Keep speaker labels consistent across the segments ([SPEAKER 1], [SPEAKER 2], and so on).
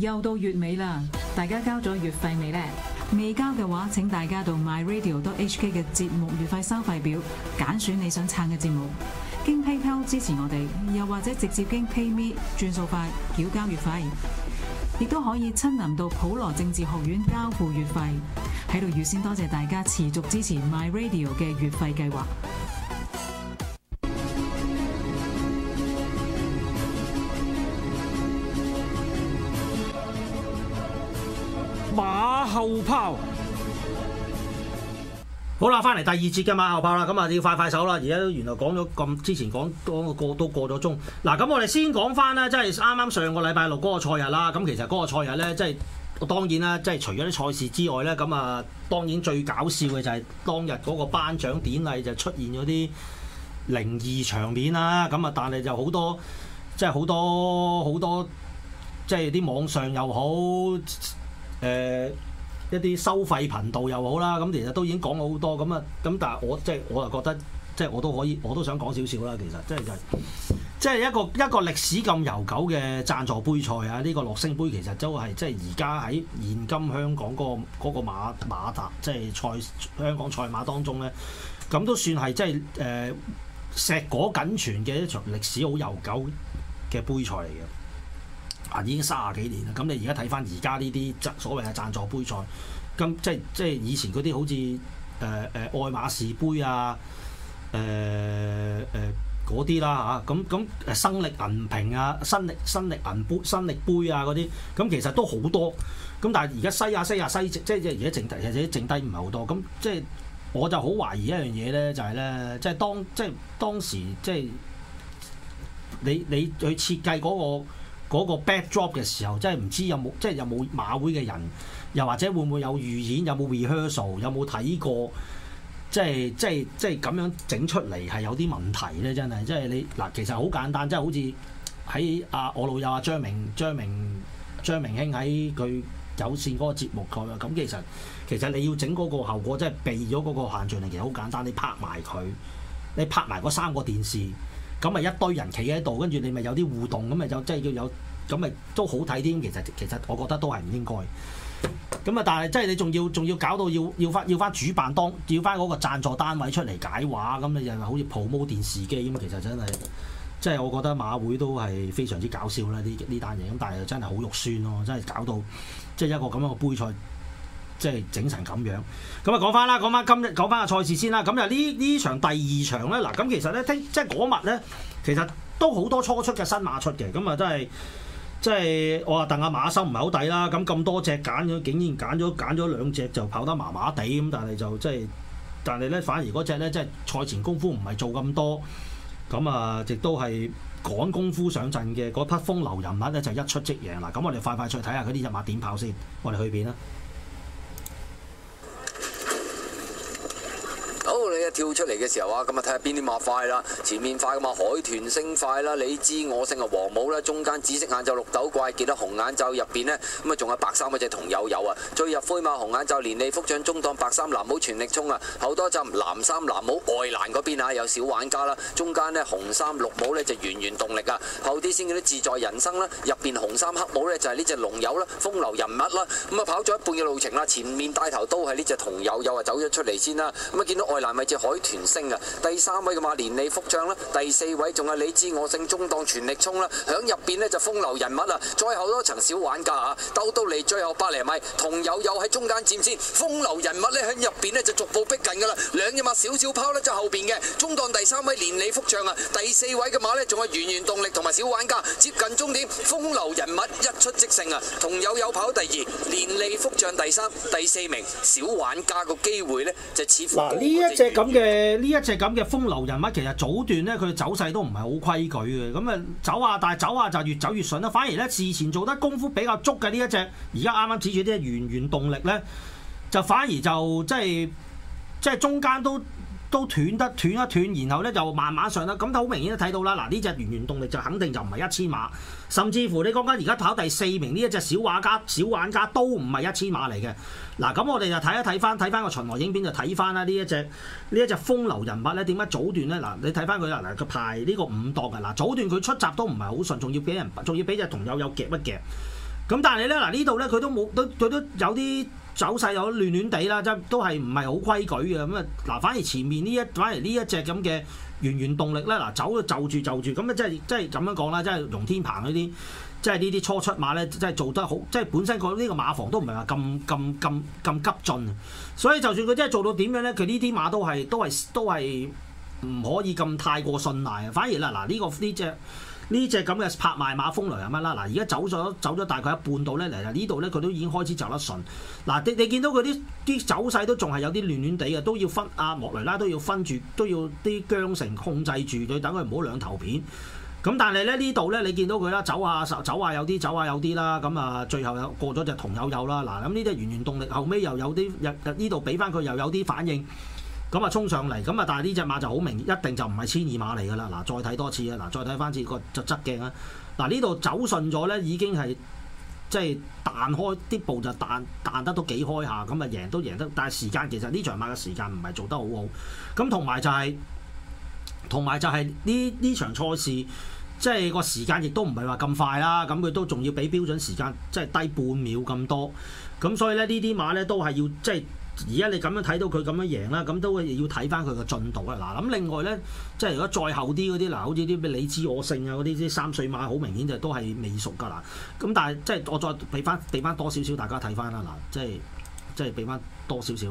[SPEAKER 1] 又到月尾啦，大家交咗月費未呢？未交嘅話，請大家到 My Radio 多 HK 嘅節目月費收費表揀選你想撐嘅節目，經 PayPal 支持我哋，又或者直接經 PayMe 轉數快繳交月費，亦都可以親臨到普羅政治學院交付月費。喺度預先多謝大家持續支持 My Radio 嘅月費計劃。
[SPEAKER 2] 後炮，好啦，翻嚟第二節嘅馬後炮啦，咁啊要快快手啦。而家原來講咗咁，之前講講過都過咗鐘。嗱，咁我哋先講翻咧，即係啱啱上個禮拜六嗰個賽日啦。咁其實嗰個賽日咧，即係當然啦，即係除咗啲賽事之外咧，咁啊當然最搞笑嘅就係當日嗰個頒獎典禮就出現咗啲靈異場面啦。咁啊，但係就好多，即係好多好多，即係啲網上又好，誒、呃。一啲收費頻道又好啦，咁其實都已經講好多咁啊，咁但係我即係我又覺得，即係我都可以，我都想講少少啦。其實即係就係、是，即、就、係、是、一個一個歷史咁悠久嘅贊助杯賽啊，呢、這個樂星杯其實都係即係而家喺現今香港嗰、那個嗰、那個馬馬即係賽香港賽馬當中咧，咁都算係即係誒石果緊存嘅一場歷史好悠久嘅杯賽嚟嘅。啊！已經三十幾年啦。咁你而家睇翻而家呢啲所謂嘅贊助杯賽，咁即係即係以前嗰啲好似誒誒愛馬仕杯啊、誒誒嗰啲啦嚇。咁咁新力銀瓶啊、新力新力銀杯、新力杯啊嗰啲，咁其實都好多。咁但係而家西亞西亞西，即係即係而家剩低，其實剩低唔係好多。咁即係我就好懷疑一樣嘢咧，就係咧，即係當即係當時即係你你去設計嗰個。嗰個 backdrop 嘅時候，真係唔知有冇，即係有冇馬會嘅人，又或者會唔會有預演，有冇 rehearsal，有冇睇過，即係即係即係咁樣整出嚟係有啲問題咧，真係，即係你嗱，其實好簡單，即係好似喺阿我老友阿、啊、張明張明張明興喺佢有線嗰個節目度啊，咁其實其實你要整嗰個效果，即係避咗嗰個限聚令，其實好簡單，你拍埋佢，你拍埋嗰三個電視。咁咪一堆人企喺度，跟住你咪有啲互動，咁咪就即係要有，咁咪都好睇啲。其實其實我覺得都係唔應該。咁啊，但係即係你仲要仲要搞到要要翻要翻主辦當要翻嗰個贊助單位出嚟解話，咁啊又話好似 promo 電視機咁。其實真係即係我覺得馬會都係非常之搞笑啦，呢呢單嘢。咁但係真係好肉酸咯，真係搞到即係一個咁樣嘅杯賽。即係整成咁樣咁啊，講翻啦，講翻今日講翻個賽事先啦。咁就呢呢場第二場咧嗱，咁其實咧聽即係嗰日咧，其實都好多初出嘅新馬出嘅，咁啊、就是，都係即係我話鄧阿馬修唔係好抵啦。咁咁多隻揀咗，竟然揀咗揀咗兩隻就跑得麻麻地咁，但係就即係但係咧，反而嗰隻咧即係賽前功夫唔係做咁多咁啊，亦都係趕功夫上陣嘅嗰匹風流人物咧，就一出即贏喇。咁我哋快快脆睇下佢啲日馬點跑先。我哋去邊啦？
[SPEAKER 3] 跳出嚟嘅時候啊，咁啊睇下邊啲馬快啦，前面快噶嘛，海豚星快啦，你知我姓啊黃帽啦，中間紫色眼罩綠豆怪見到紅眼罩入邊呢。咁啊仲有白衫嗰隻同友友啊，進入灰馬紅眼罩連你福漲中檔白衫藍帽全力衝啊，好多陣藍衫藍帽外欄嗰邊啊有小玩家啦，中間呢紅衫綠帽呢就源源動力啊，後啲先見到自在人生啦，入邊紅衫黑帽呢就係呢隻龍友啦，風流人物啦，咁啊跑咗一半嘅路程啦，前面帶頭都係呢隻同友友啊走咗出嚟先啦，咁啊見到外欄咪隻。海豚星啊！第三位嘅馬連利福將啦，啊，第四位仲係你知我姓中檔全力衝啦，啊，響入邊咧就風流人物啊！再後多層小玩家啊，兜到嚟最後百零米，同友友喺中間佔先，風流人物咧響入邊咧就逐步逼近噶啦，兩隻馬小小拋咧就後邊嘅，中檔第三位連利福將啊，第四位嘅馬咧仲係源源動力同埋小玩家接近終點，風流人物一出即勝啊！同友友跑第二，連利福將第三，第四名小玩家個機會咧就
[SPEAKER 2] 似乎高高嘅呢一隻咁嘅風流人物，其實早段呢，佢走勢都唔係好規矩嘅，咁啊走下，但係走下就越走越順啦。反而呢，事前做得功夫比較足嘅呢一隻，而家啱啱指住啲圓圓動力呢，就反而就即係即係中間都。都斷得斷一斷，然後咧就慢慢上啦。咁好明顯都睇到啦。嗱，呢隻源源動力就肯定就唔係一千碼，甚至乎你講緊而家跑第四名呢一隻小畫家、小玩家都唔係一千碼嚟嘅。嗱，咁我哋就睇一睇翻，睇翻個巡邏影片就睇翻啦。呢一隻呢一隻風流人物咧點解早斷咧？嗱，你睇翻佢啦，嗱，佢排呢個五檔嘅嗱，早斷佢出閘都唔係好順，仲要俾人仲要俾隻同友友夾一夾。咁但係你咧嗱，呢度咧佢都冇都佢都有啲。走勢有亂亂地啦，即都係唔係好規矩嘅咁啊嗱。反而前面呢一反而呢一隻咁嘅源源動力咧，嗱走就住就住咁咧，即係即係咁樣講啦，即係容天鵬呢啲，即係呢啲初出馬咧，即係做得好，即係本身個呢個馬房都唔係話咁咁咁咁急進，所以就算佢真係做到點樣咧，佢呢啲馬都係都係都係唔可以咁太過信賴。反而啦嗱，呢個呢隻。呢隻咁嘅拍賣馬風雷係乜啦？嗱，而家走咗走咗大概一半度咧嚟，呢度咧佢都已經開始走得順。嗱，你你見到佢啲啲走勢都仲係有啲亂亂地嘅，都要分阿、啊、莫雷啦，都要分住，都要啲韁繩控制住佢，等佢唔好兩頭片。咁但係咧呢度咧，你見到佢啦，走下走下有啲，走下有啲啦。咁啊，最後過有過咗隻同友友啦。嗱，咁呢隻源源動力，後尾又有啲，呢度俾翻佢又有啲反應。咁啊，就衝上嚟，咁啊，但係呢隻馬就好明顯，一定就唔係千二馬嚟㗎啦。嗱，再睇多次啊，嗱，再睇翻次個就側鏡啊。嗱，呢度走順咗咧，已經係即係彈開啲步就彈彈得都幾開下，咁啊贏都贏得，但係時間其實呢場馬嘅時間唔係做得好好。咁同埋就係同埋就係呢呢場賽事，即係個時間亦都唔係話咁快啦。咁佢都仲要比標準時間即係、就是、低半秒咁多。咁所以咧呢啲馬咧都係要即係。就是而家你咁樣睇到佢咁樣贏啦，咁都會要睇翻佢個進度啦。嗱、啊，咁另外咧，即係如果再後啲嗰啲，嗱，好似啲咩「你知我姓」啊嗰啲啲三歲馬，好明顯就都係未熟噶啦。咁、啊、但係即係我再俾翻俾翻多少少大家睇翻啦。嗱、啊，即係即係俾翻多少少。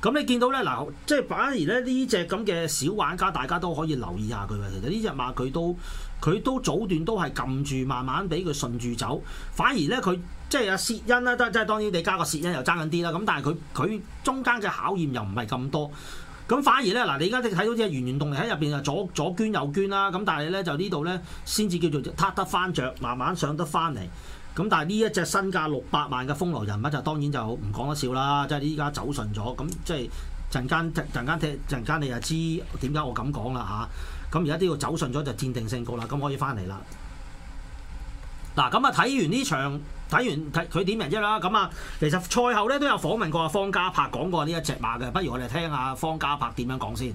[SPEAKER 2] 咁你見到咧嗱、啊，即係反而咧呢隻咁嘅小玩家，大家都可以留意下佢嘅。其實呢隻馬佢都佢都早段都係撳住慢慢俾佢順住走，反而咧佢。即係啊，蝕因啦，即係當然，你加個蝕因又爭緊啲啦。咁但係佢佢中間嘅考驗又唔係咁多，咁反而咧嗱，你而家睇到隻圓圓動力喺入邊啊，左左捐右捐啦。咁但係咧就呢度咧先至叫做撻得翻着，慢慢上得翻嚟。咁但係呢一隻身價六百萬嘅風流人物就當然就唔講得笑啦。即係依家走順咗，咁即係陣間陣陣間踢陣間你又知點解我咁講啦吓，咁而家啲嘢走順咗就見定性高啦，咁可以翻嚟啦。嗱，咁啊睇完呢場。睇完睇佢點人啫啦，咁啊，其實賽後咧都有訪問過啊，方家柏講過呢一隻馬嘅，不如我哋聽下方家柏點樣講先。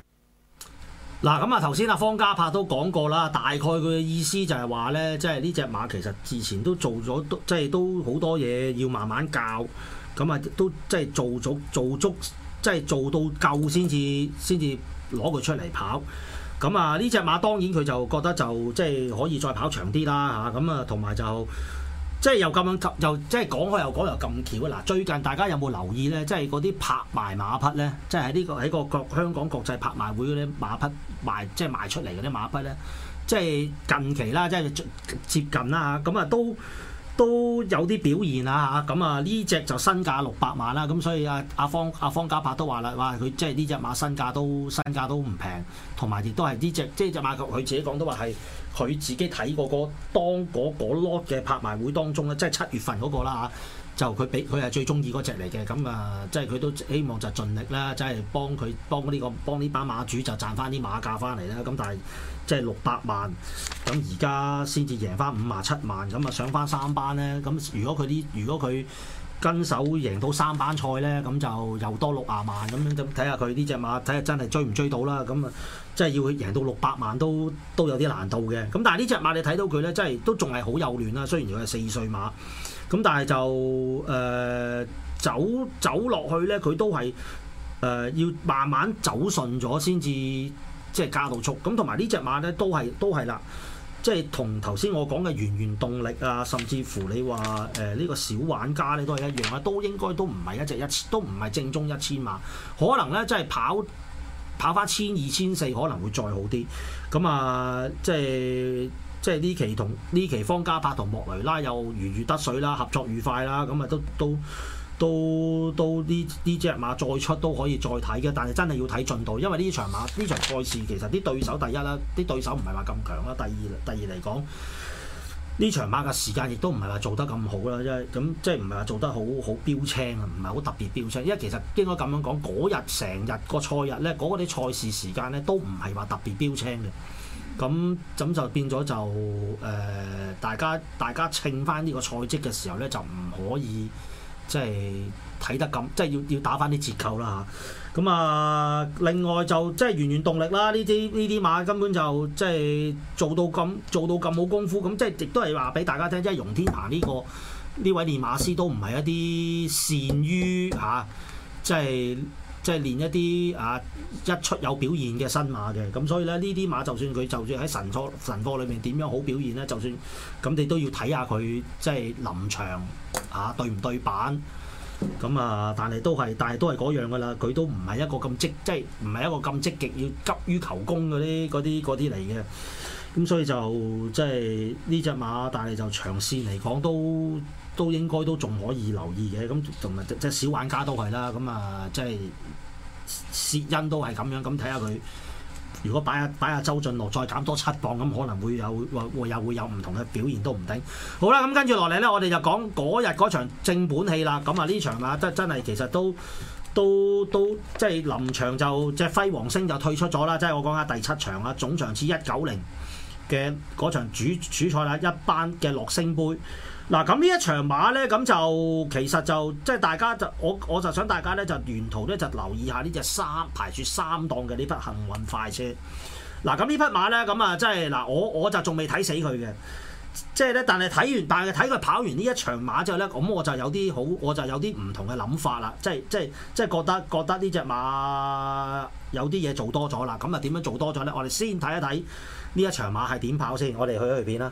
[SPEAKER 2] 嗱咁啊，頭先啊方家柏都講過啦，大概佢嘅意思就係話咧，即係呢隻馬其實之前都做咗，即係都好多嘢要慢慢教，咁啊都即係做足做足，即係做到夠先至先至攞佢出嚟跑。咁啊呢隻馬當然佢就覺得就即係可以再跑長啲啦嚇，咁啊同埋就。即係又咁樣，又即係講開又講又咁巧啊！嗱，最近大家有冇留意咧？即係嗰啲拍賣馬匹咧，即係喺呢個喺個國香港國際拍賣會嗰啲馬匹賣，即係賣出嚟嗰啲馬匹咧。即係近期啦，即係接近啦嚇，咁啊都都，都有啲表現啦嚇。咁啊呢隻就身價六百萬啦，咁所以阿、啊、阿方阿、啊、方家柏都話啦，哇！佢即係呢隻馬身價都身價都唔平，同埋亦都係呢隻即係隻馬，佢自己講都話係。佢自己睇嗰個當嗰嗰 lot 嘅拍賣會當中咧，即係七月份嗰個啦嚇，就佢俾佢係最中意嗰隻嚟嘅，咁啊，即係佢都希望就盡力啦，即係幫佢幫呢個幫呢班馬主就賺翻啲馬價翻嚟啦。咁但係即係六百萬，咁而家先至贏翻五萬七萬，咁啊上翻三班咧，咁如果佢啲如果佢。跟手贏到三班賽呢，咁就又多六廿萬咁樣，就睇下佢呢隻馬睇下真係追唔追到啦。咁啊，即係要佢贏到六百萬都都有啲難度嘅。咁但係呢隻馬你睇到佢呢，真係都仲係好幼嫩啦。雖然佢係四歲馬，咁但係就誒、呃、走走落去呢，佢都係誒、呃、要慢慢走順咗先至即係加到速。咁同埋呢隻馬呢，都係都係啦。即係同頭先我講嘅源源動力啊，甚至乎你話誒呢個小玩家咧都係一樣啊，都應該都唔係一隻一千，都唔係正宗一千嘛，可能咧即係跑跑翻千二千四可能會再好啲。咁啊，即係即係呢期同呢期方家柏同莫雷拉又如魚得水啦，合作愉快啦，咁啊都都。都都都呢呢隻馬再出都可以再睇嘅，但係真係要睇進度，因為呢場馬呢場賽事其實啲對手第一啦，啲對手唔係話咁強啦。第二第二嚟講，呢場馬嘅時間亦都唔係話做得咁好啦，即係咁即係唔係話做得好好標青啊，唔係好特別標青，因為其實應該咁樣講，嗰日成日個賽日咧，嗰啲賽事時間咧都唔係話特別標青嘅。咁咁就變咗就誒、呃，大家大家稱返呢個賽績嘅時候咧，就唔可以。即係睇得咁，即係要要打返啲折扣啦嚇。咁啊，另外就即係源源動力啦，呢啲呢啲馬根本就即係做到咁做到咁冇功夫，咁即係亦都係話俾大家聽，即係容天鵬呢、呢個呢位練馬師都唔係一啲善於嚇、啊，即係。即係練一啲啊，一出有表現嘅新馬嘅，咁所以咧呢啲馬就算佢就算喺神駒神駒裏面點樣好表現咧，就算咁你都要睇下佢即係臨場嚇、啊、對唔對版。咁啊但係都係但係都係嗰樣噶啦，佢都唔係一個咁積即係唔係一個咁積極要急於求功嗰啲嗰啲嗰啲嚟嘅，咁所以就即係呢隻馬，但係就長線嚟講都。都應該都仲可以留意嘅，咁同埋即係小玩家都係啦，咁、嗯、啊即係薛恩都係咁樣，咁睇下佢如果擺下、啊、擺下、啊、周俊樂再減多七磅，咁、嗯、可能會有會會有會有唔同嘅表現都唔定。好啦，咁跟住落嚟咧，我哋就講嗰日嗰場正本戲啦。咁啊呢場啊真真係其實都都都即係臨場就即係輝煌星就退出咗啦。即係我講下第七場啊，總場次一九零嘅嗰場主主賽啦，一班嘅樂聲杯。嗱，咁呢一場馬咧，咁就其實就即係大家就我我就想大家咧就沿途咧就留意下呢隻三排住三檔嘅呢匹幸運快車。嗱，咁呢匹馬咧，咁啊即係嗱，我我就仲未睇死佢嘅，即係咧，但係睇完但係睇佢跑完呢一場馬之後咧，咁我就有啲好，我就有啲唔同嘅諗法啦。即係即係即係覺得覺得呢隻馬有啲嘢做多咗啦。咁啊點樣做多咗咧？我哋先睇一睇呢一場馬係點跑先。我哋去一去片啦。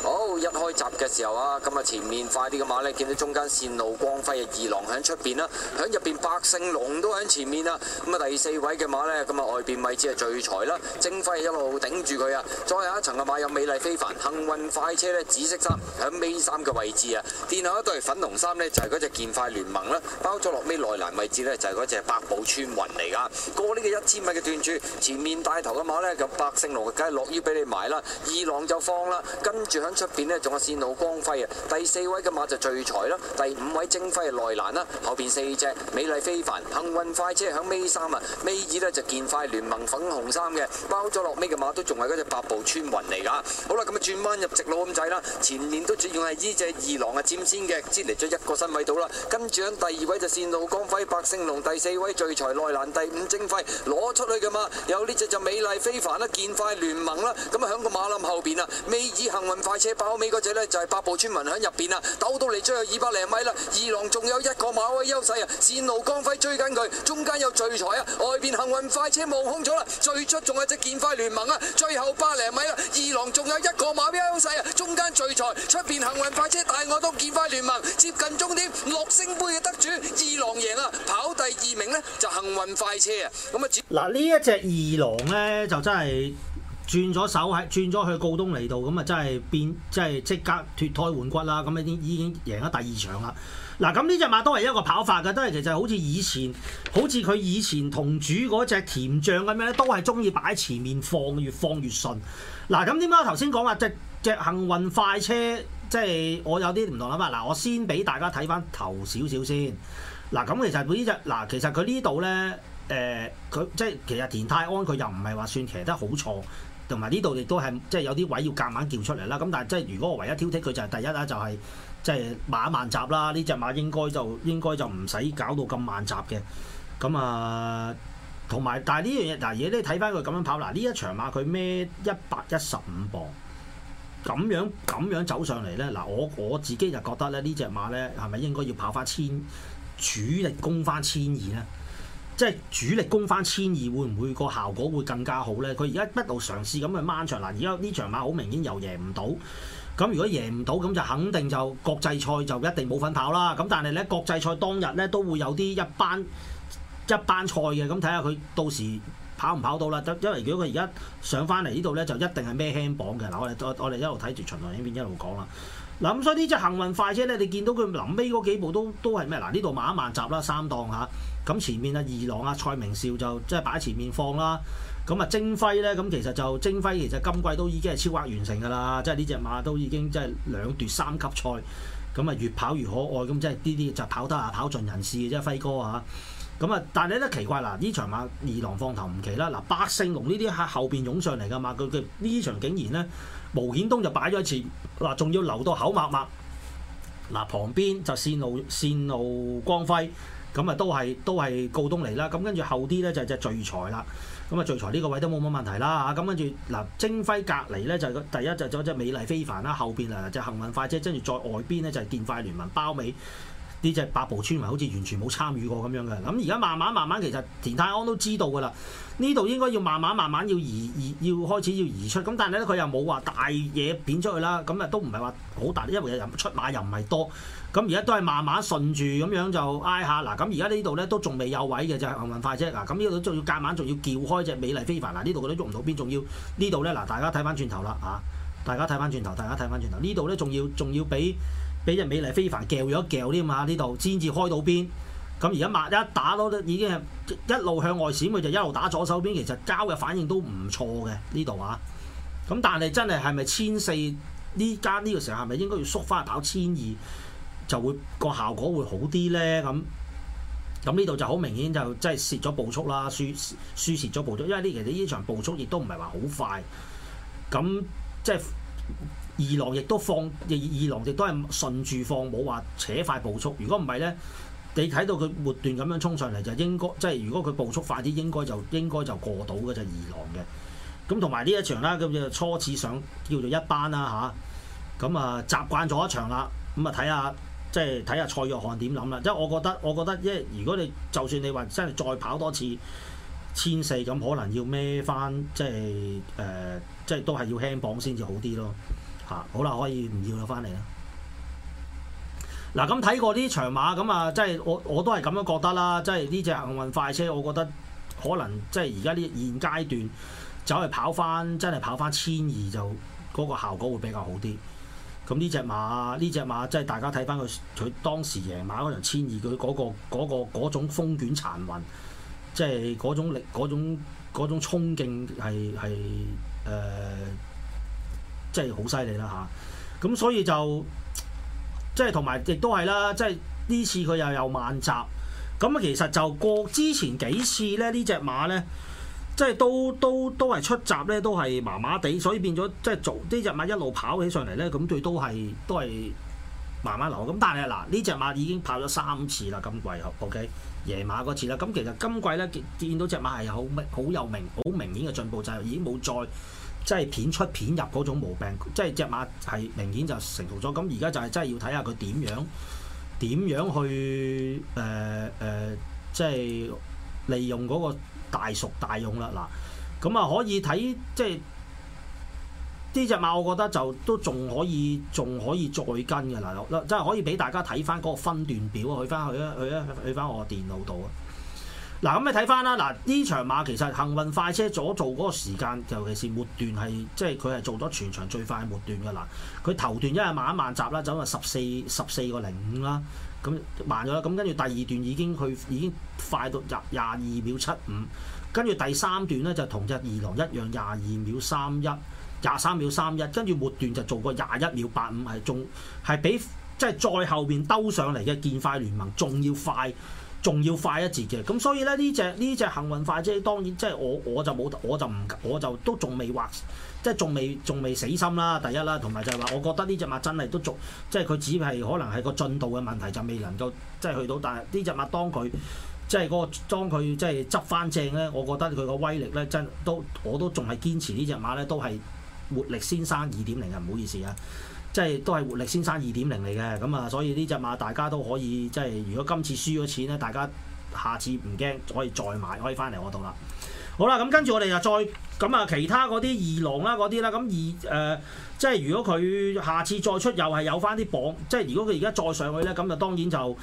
[SPEAKER 3] 好、哦、一開閘嘅時候啊，咁啊前面快啲嘅馬呢，見到中間線路光輝啊，二郎喺出邊啦，喺入邊百勝龍都喺前面啊，咁啊第四位嘅馬呢，咁啊外邊位置啊聚財啦，精輝一路頂住佢啊，再下一層嘅馬有美麗非凡，幸運快車呢，紫色衫喺尾衫嘅位置啊，殿後一對粉紅衫呢，就係嗰隻劍快聯盟啦，包咗落尾內欄位置呢，就係嗰隻百寶村雲嚟噶，過呢個一千米嘅斷處，前面帶頭嘅馬呢，咁百勝龍，梗係落腰俾你埋啦，二郎就放啦，跟住。出邊咧仲有線路光輝啊，第四位嘅馬就聚財啦，第五位精輝係內蘭啦，後邊四隻美麗非凡、幸運快車響尾三啊，尾二呢就健快聯盟粉紅衫嘅包咗落尾嘅馬都仲係嗰隻百步穿雲嚟噶，好啦咁啊轉彎入直路咁滯啦，前面都主要係呢隻二郎啊佔先嘅，接嚟咗一個身位度啦，跟住響第二位就線路光輝、百姓龍，第四位聚財內蘭，第五精輝攞出去嘅嘛，有呢隻就美麗非凡啦、健快聯盟啦，咁啊響個馬欄後邊啊尾二幸運快車爆尾嗰隻呢，就係八步村民響入邊啊，兜到嚟，最後二百零米啦，二郎仲有一個馬位優勢啊，線路光輝追緊佢，中間有聚財啊，外邊行運快車望空咗啦，最出仲有隻健快聯盟啊，最後百零米啦，二郎仲有一個馬位優勢啊，中間聚財，出邊行運快車帶我到健快聯盟，接近終點，樂星杯嘅得主二郎贏啊，跑第二名呢，就行運快車啊，
[SPEAKER 2] 咁啊，嗱呢一隻二郎呢，就真係。轉咗手喺轉咗去告東尼度，咁啊真係變，真係即刻脱胎換骨啦！咁啊已已經贏咗第二場啦。嗱，咁呢隻馬都係一個跑法嘅，都係其實好似以前，好似佢以前同主嗰隻甜醬咁樣，都係中意擺喺前面放越，越放越順。嗱，咁點解頭先講話隻隻幸運快車，即係我有啲唔同諗法。嗱，我先俾大家睇翻頭少少先。嗱，咁其實呢隻，嗱，其實佢呢度咧，誒、呃，佢即係其實田泰安佢又唔係話算騎得好錯。同埋呢度亦都係即係有啲位要夾硬叫出嚟啦，咁但係即係如果我唯一挑剔佢就係、是、第一啦，就係即係馬慢閘啦，呢隻馬應該就應該就唔使搞到咁慢閘嘅，咁啊同埋，但係呢樣嘢嗱，如果你睇翻佢咁樣跑嗱，呢一場馬佢孭一百一十五磅，咁樣咁樣走上嚟咧，嗱我我自己就覺得咧，呢隻馬咧係咪應該要跑翻千主力攻翻千二咧？即係主力攻翻千二，會唔會個效果會更加好咧？佢而家一路嘗試咁去掹場嗱，而家呢場馬好明顯又贏唔到。咁如果贏唔到，咁就肯定就國際賽就一定冇份跑啦。咁但係咧，國際賽當日咧都會有啲一班一班賽嘅，咁睇下佢到時跑唔跑到啦。因因為如果佢而家上翻嚟呢度咧，就一定係咩輕磅嘅嗱。我哋我哋一路睇住巡邏影片一路講啦嗱。咁所以呢隻行運快車咧，你見到佢臨尾嗰幾步都都係咩嗱？呢度慢一慢集啦，三檔嚇。啊咁前面啊二郎啊蔡明少就即係擺前面放啦，咁啊精輝咧咁其實就精輝其實今季都已經係超額完成㗎啦，即係呢隻馬都已經即係兩奪三級賽，咁啊越跑越可愛，咁即係呢啲就跑得啊跑盡人事嘅啫，輝哥啊，咁啊但係咧奇怪嗱，呢場馬二郎放頭唔奇啦，嗱百勝龍呢啲喺後邊湧上嚟㗎嘛，佢佢呢場竟然咧毛顯東就擺咗一次，嗱仲要留到口密密，嗱旁邊就線路線路光輝。咁啊，都係都係告東尼啦。咁跟住後啲咧就係隻聚財啦。咁啊聚財呢個位都冇乜問題啦。咁跟住嗱，徵輝隔籬咧就係第一就左隻美麗非凡啦。後邊啊就幸運快車，跟住再外邊咧就係電快聯盟包尾。呢隻八部村民好似完全冇參與過咁樣嘅，咁而家慢慢慢慢其實田太安都知道㗎啦，呢度應該要慢慢慢慢要移，移要開始要移出，咁但係咧佢又冇話大嘢片出去啦，咁啊都唔係話好大，因為又出馬又唔係多，咁而家都係慢慢順住咁樣就挨下嗱，咁而家呢度咧都仲未有位嘅就係，行運，運快車嗱，咁呢度仲要夾硬仲要叫開隻美麗非凡嗱，呢度我都喐唔到邊，仲要呢度咧嗱，大家睇翻轉頭啦啊，大家睇翻轉頭，大家睇翻轉頭，呢度咧仲要仲要俾。俾隻美麗非凡叫咗一叫添嘛呢度先至開到邊，咁而家抹一打都已經係一路向外閃，佢就一路打左手邊。其實交嘅反應都唔錯嘅呢度啊，咁但係真係係咪千四呢間呢個時候係咪應該要縮翻去打千二就會個效果會好啲咧？咁咁呢度就好明顯就即係蝕咗步速啦，輸輸蝕咗步速，因為呢其實呢場步速亦都唔係話好快，咁即係。二郎亦都放，二郎亦都係順住放，冇話扯快步速。如果唔係呢，你睇到佢末段咁樣衝上嚟就應該，即係如果佢步速快啲，應該就應該就過到嘅就二、是、郎嘅。咁同埋呢一場啦，咁就初次上叫做一班啦吓，咁啊，啊習慣咗一場、啊啊、看看看看啦，咁啊睇下即係睇下蔡約翰點諗啦。即係我覺得我覺得，因為如果你就算你話真係再跑多次千四咁，可能要孭翻即係誒，即係都係要輕磅先至好啲咯。啊、好啦，可以唔要啦，翻嚟啦。嗱、啊，咁睇過呢場馬，咁啊，即係我我都係咁樣覺得啦。即係呢隻幸運快車，我覺得可能即係而家呢現階段走去跑翻，真係跑翻千二就嗰、那個效果會比較好啲。咁呢隻馬，呢隻馬，即、就、係、是、大家睇翻佢佢當時贏馬嗰場千二，佢、那、嗰個嗰、那個種風捲殘雲，即係嗰種力，嗰種嗰種衝勁係即係好犀利啦嚇，咁、啊、所以就即係同埋亦都係啦，即係呢次佢又有慢集，咁其實就過之前幾次咧，隻呢隻馬咧，即係都都都係出閘咧，都係麻麻地，所以變咗即係逐呢隻馬一路跑起上嚟咧，咁佢都係都係慢慢流，流。咁但係嗱，呢隻馬已經跑咗三次啦，咁今季。O K，夜馬嗰次啦，咁其實今季咧見到隻馬係好好有明、好明顯嘅進步，就係、是、已經冇再。即係片出片入嗰種毛病，即係隻馬係明顯就成熟咗。咁而家就係真係要睇下佢點樣點樣去誒誒、呃呃，即係利用嗰個大熟大用啦。嗱，咁啊可以睇即係呢隻馬，我覺得就都仲可以，仲可以再跟嘅嗱，即係可以俾大家睇翻嗰個分段表，去翻去啊去啊去翻我電腦度啊！嗱，咁你睇翻啦，嗱、嗯，呢、啊、場馬其實幸運快車咗做嗰個時間，尤其是末段係，即係佢係做咗全場最快末段嘅啦。佢頭段因為慢一慢閘啦，走埋十四十四個零五啦，咁慢咗啦。咁跟住第二段已經去已經快到廿廿二秒七五，跟住第三段咧就同一二郎一樣廿二秒三一，廿三秒三一，跟住末段就做過廿一秒八五，係仲係比即係再後面兜上嚟嘅建快聯盟仲要快。仲要快一截嘅，咁所以咧，呢隻呢隻幸運快車當然即係我我就冇我就唔我就都仲未畫，即係仲未仲未死心啦，第一啦，同埋就係話我覺得呢隻馬真係都仲，即係佢只係可能係個進度嘅問題就未能夠即係去到，但係呢隻馬當佢即係嗰個當佢即係執翻正咧，我覺得佢個威力咧真都我都仲係堅持呢隻馬咧都係活力先生二點零啊，唔好意思啊。即係都係活力先生二點零嚟嘅，咁啊，所以呢隻馬大家都可以，即係如果今次輸咗錢咧，大家下次唔驚，可以再買，可以翻嚟我度啦。好啦，咁跟住我哋就再咁啊，其他嗰啲二郎啦，嗰啲啦，咁二誒，即係如果佢下次再出，又係有翻啲榜，即係如果佢而家再上去咧，咁就當然就誒、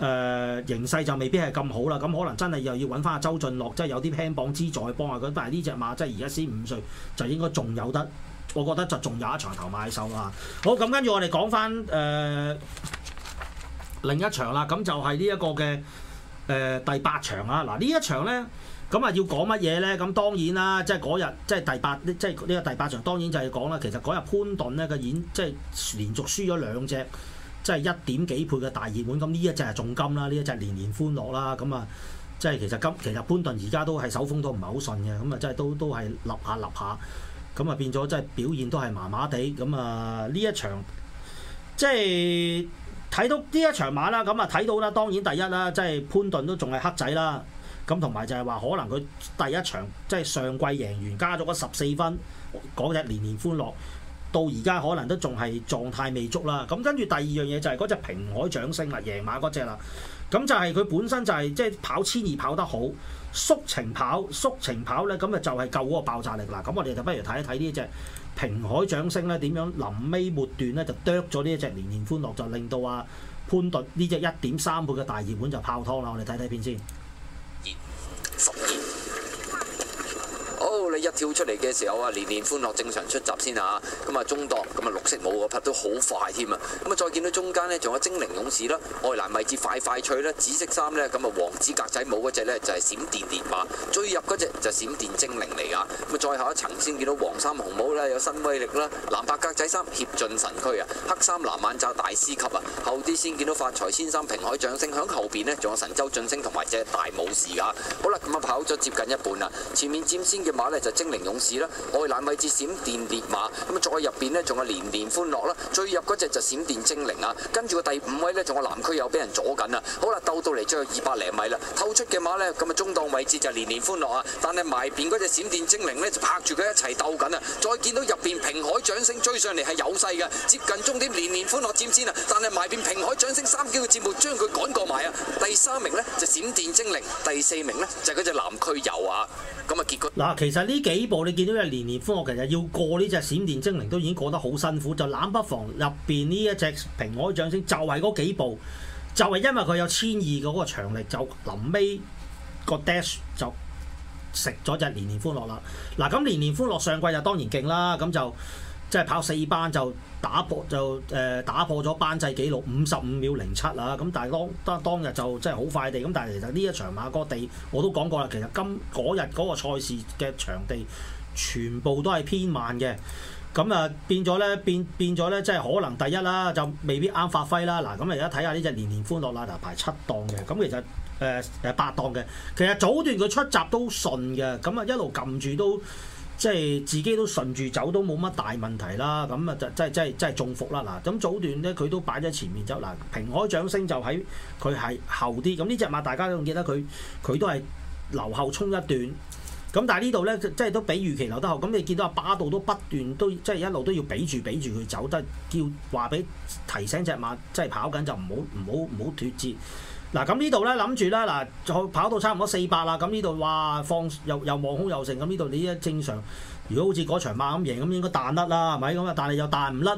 [SPEAKER 2] 呃、形勢就未必係咁好啦。咁可能真係又要揾翻阿周俊樂，即係有啲輕磅之助去幫下佢。但係呢隻馬即係而家先五歲，就應該仲有得。我覺得就仲有一場頭買手啊，好！好，咁，跟住我哋講翻誒另一場啦。咁就係呢一個嘅誒、呃、第八場啊！嗱，呢一場咧，咁啊要講乜嘢咧？咁當然啦，即係嗰日即係第八即係呢個第八場，當然就係講啦。其實嗰日潘頓咧嘅演，即係連續輸咗兩隻，即係一點幾倍嘅大熱門。咁呢一隻係重金啦，呢一隻係年年歡樂啦。咁啊，即係其實今其實潘頓而家都係手風都唔係好順嘅。咁啊，即係都都係立下立下。咁啊變咗即係表現都係麻麻地，咁啊呢一場即係睇到呢一場馬啦，咁啊睇到啦，當然第一啦，即係潘頓都仲係黑仔啦，咁同埋就係話可能佢第一場即係上季贏完加咗十四分，嗰隻年年歡樂到而家可能都仲係狀態未足啦，咁跟住第二樣嘢就係嗰隻平海掌聲啦，贏馬嗰隻啦。咁就係佢本身就係即係跑千二跑得好，速程跑、速程跑呢，咁啊就係夠嗰個爆炸力嗱。咁我哋就不如睇一睇呢隻平海掌聲呢，點樣臨尾末段呢，就啄咗呢一隻年年歡樂，就令到啊潘頓呢隻一點三倍嘅大熱盤就泡湯啦。我哋睇睇片先。
[SPEAKER 3] 你一跳出嚟嘅時候啊，年年歡樂正常出閘先啊，咁、嗯、啊中檔，咁、嗯、啊綠色帽嗰匹都好快添啊，咁、嗯、啊再見到中間呢，仲有精靈勇士啦，愛蘭米子快快脆啦，紫色衫呢，咁、嗯、啊王子格仔帽嗰隻呢，就係、是、閃電電馬，最入嗰隻就閃電精靈嚟啊，咁、嗯、啊再下一層先見到黃衫紅帽呢，有新威力啦，藍白格仔衫協進神駒啊，黑衫藍眼罩大師級啊，後啲先見到發財先生平海掌聲，響後邊呢，仲有神州晉星同埋隻大武士噶，好、嗯、啦，咁、嗯、啊、嗯、跑咗接近一半啦，前面佔先嘅馬呢。就精靈勇士啦，外欄位置閃電烈馬，咁啊再入邊呢，仲有連連歡樂啦，最入嗰隻就閃電精靈啊，跟住個第五位呢，仲有藍區又俾人阻緊啊，好啦，鬥到嚟仲有二百零米啦，透出嘅馬呢，咁啊中檔位置就連連歡樂啊，但係埋邊嗰隻閃電精靈呢，就拍住佢一齊鬥緊啊，再見到入邊平海掌聲追上嚟係有勢嘅，接近終點連連歡樂佔先啊，但係埋邊平海掌聲三叫嘅節目將佢趕過埋啊，第三名呢，就閃電精靈，第四名呢，就嗰隻藍區游啊，咁啊
[SPEAKER 2] 結果嗱其實。呢幾步你見到隻年年歡樂其實要過呢隻閃電精靈都已經過得好辛苦，就冷不防入邊呢一隻平海掌聲就係嗰幾步，就係、是、因為佢有千二嘅嗰個長力，就臨尾個 dash 就食咗隻年年歡樂啦。嗱、啊、咁年年歡樂上季就當然勁啦，咁就。即係跑四班就打破就誒打破咗班制記錄五十五秒零七啦咁，但係當當當日就真係好快地咁，但係其實呢一場馬嘅地我都講過啦，其實今嗰日嗰個賽事嘅場地全部都係偏慢嘅，咁啊變咗咧變變咗咧即係可能第一啦就未必啱發揮啦嗱，咁啊而家睇下呢隻年年歡樂啦，嗱排七檔嘅，咁其實誒誒、呃、八檔嘅，其實早段佢出閘都順嘅，咁啊一路撳住都。即係自己都順住走都冇乜大問題啦。咁啊，就真係真係真係中伏啦。嗱，咁早段咧佢都擺咗前面走嗱，平海掌聲就喺佢係後啲。咁呢隻馬大家都仲記得佢佢都係留後衝一段。咁但係呢度咧，即係都比預期留得後。咁你見到阿巴道都不斷都即係一路都要俾住俾住佢走得叫話俾提醒隻馬，隻馬即係跑緊就唔好唔好唔好脫節。嗱咁呢度咧，諗住咧，嗱就跑到差唔多四百啦，咁呢度哇放又又望空又剩，咁呢度你一正常，如果好似嗰場馬咁贏咁，應該彈甩啦，係咪咁啊？但係又彈唔甩，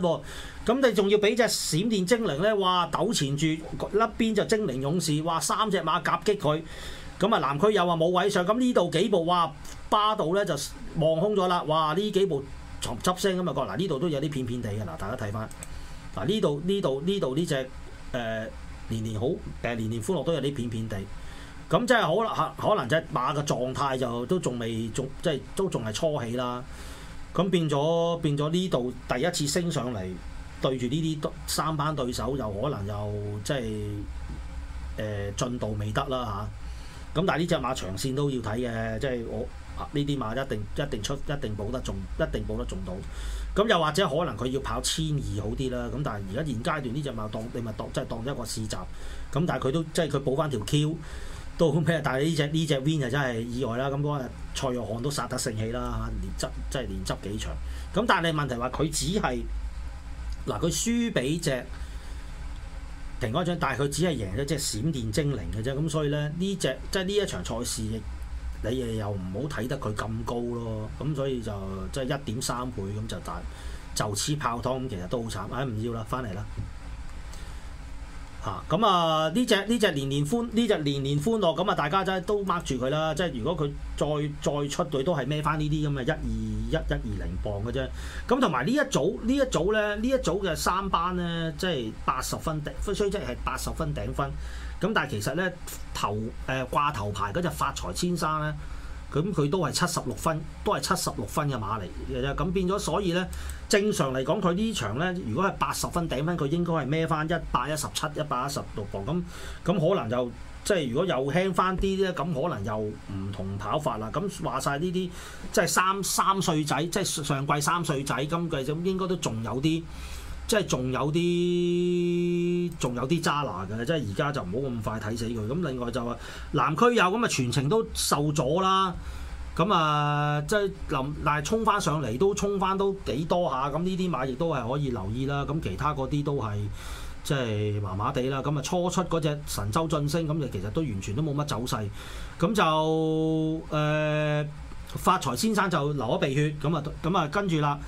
[SPEAKER 2] 咁你仲要俾隻閃電精靈咧，哇抖纏住甩邊就精靈勇士，哇三隻馬夾擊佢，咁啊南區又話冇位上，咁呢度幾步哇巴到咧就望空咗啦，哇呢幾步嘈執聲咁啊嗱呢度都有啲片片地嘅，嗱大家睇翻，嗱呢度呢度呢度呢隻誒。年年好，誒年年歡樂都有啲片片地，咁即係好啦嚇，可能隻馬嘅狀態就都仲未，仲即係都仲係初起啦。咁變咗變咗呢度第一次升上嚟，對住呢啲三班對手，又可能又即係誒、呃、進度未得啦嚇。咁、啊、但係呢隻馬長線都要睇嘅，即係我呢啲馬一定一定出一定保得中，一定保得中到。咁又或者可能佢要跑千二好啲啦，咁但係而家現階段呢隻馬當你咪當即係當一個試閘，咁但係佢都即係佢補翻條 Q 到咩？但係呢隻呢隻 Win 就真係意外啦！咁嗰日蔡約翰都殺得性起啦，連執即係連執幾場。咁但係問題話佢只係嗱佢輸俾隻平安獎，但係佢只係贏咗隻閃電精靈嘅啫。咁所以咧呢隻即係呢一場賽事亦～你誒又唔好睇得佢咁高咯，咁所以就即係一點三倍咁就但就黐泡湯咁，其實都好慘，唉、哎，唔要啦，翻嚟啦嚇！咁啊呢隻呢隻年年歡呢隻年年歡樂咁啊，大家真係都掹住佢啦！即係如果佢再再出隊都係孭翻呢啲咁嘅一二一一二零磅嘅啫。咁同埋呢一組呢一組咧呢一組嘅三班咧，即係八十分頂分，即係係八十分頂分。咁但係其實咧頭誒、呃、掛頭牌嗰隻發財千山咧，咁佢都係七十六分，都係七十六分嘅馬嚟。其實咁變咗，所以咧正常嚟講，佢呢場咧，如果係八十分頂分，佢應該係孭翻一百一十七、一百一十六磅。咁咁可能就即係如果又輕翻啲咧，咁可能又唔同跑法啦。咁話晒呢啲即係三三歲仔，即係上季三歲仔咁計，咁應該都仲有啲。即係仲有啲，仲有啲渣拿嘅，即係而家就唔好咁快睇死佢。咁另外就話，南區有咁啊，全程都受阻啦。咁啊，即係林，但係衝翻上嚟都衝翻都幾多下。咁呢啲馬亦都係可以留意啦。咁其他嗰啲都係即係麻麻地啦。咁啊，初出嗰隻神州晉升咁，就其實都完全都冇乜走勢。咁就誒發、呃、財先生就流咗鼻血。咁啊，咁啊，跟住啦。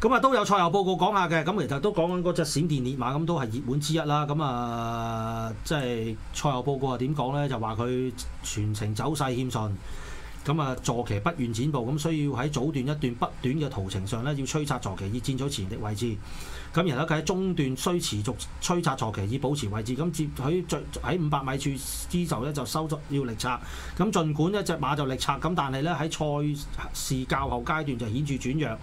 [SPEAKER 2] 咁啊，都有賽後報告講下嘅，咁其實都講緊嗰隻閃電烈馬，咁都係熱門之一啦。咁啊，即係賽後報告係點講呢？就話佢全程走勢欠順，咁啊坐騎不願展步，咁需要喺早段一段不短嘅途程上呢，要催策坐騎以佔咗前列位置。咁然後佢喺中段需持續催策坐騎以保持位置。咁接喺最喺五百米處之就呢，就收咗要力策。咁儘管一隻馬就力策，咁但係呢，喺賽事較後階段就顯著轉弱。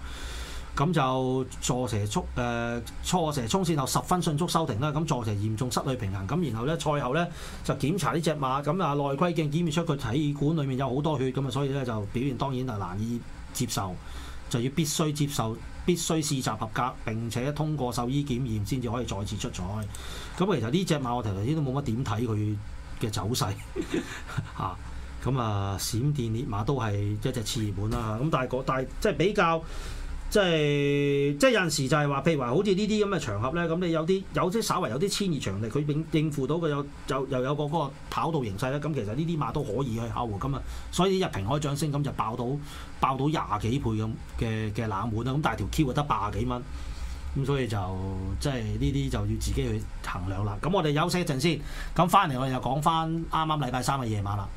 [SPEAKER 2] 咁就坐蛇衝誒、呃，坐蛇衝線後十分迅速收停啦。咁坐蛇嚴重失去平衡，咁然後咧賽後咧就檢查呢隻馬，咁啊內窺鏡檢驗出佢體管裡面有好多血，咁啊所以咧就表現當然係難以接受，就要必須接受必須試閘合格並且通過獸醫檢驗先至可以再次出賽。咁、嗯、其實呢隻馬我頭頭先都冇乜點睇佢嘅走勢嚇。咁 啊閃、啊、電烈馬都係一隻次熱門啦。咁但係個但係即係比較。即係即係有陣時就係話，譬如話好似呢啲咁嘅場合咧，咁你有啲有啲稍為有啲千二場力，佢應應付到嘅有又又有，有個嗰個跑道形勢咧，咁其實呢啲馬都可以去考慮咁啊，所以日平可以漲升，咁就爆到爆到廿幾倍咁嘅嘅冷門啦，咁但係條 Q 就得百幾蚊，咁所以就即係呢啲就要自己去衡量啦。咁我哋休息一陣先，咁翻嚟我哋又講翻啱啱禮拜三嘅夜晚啦。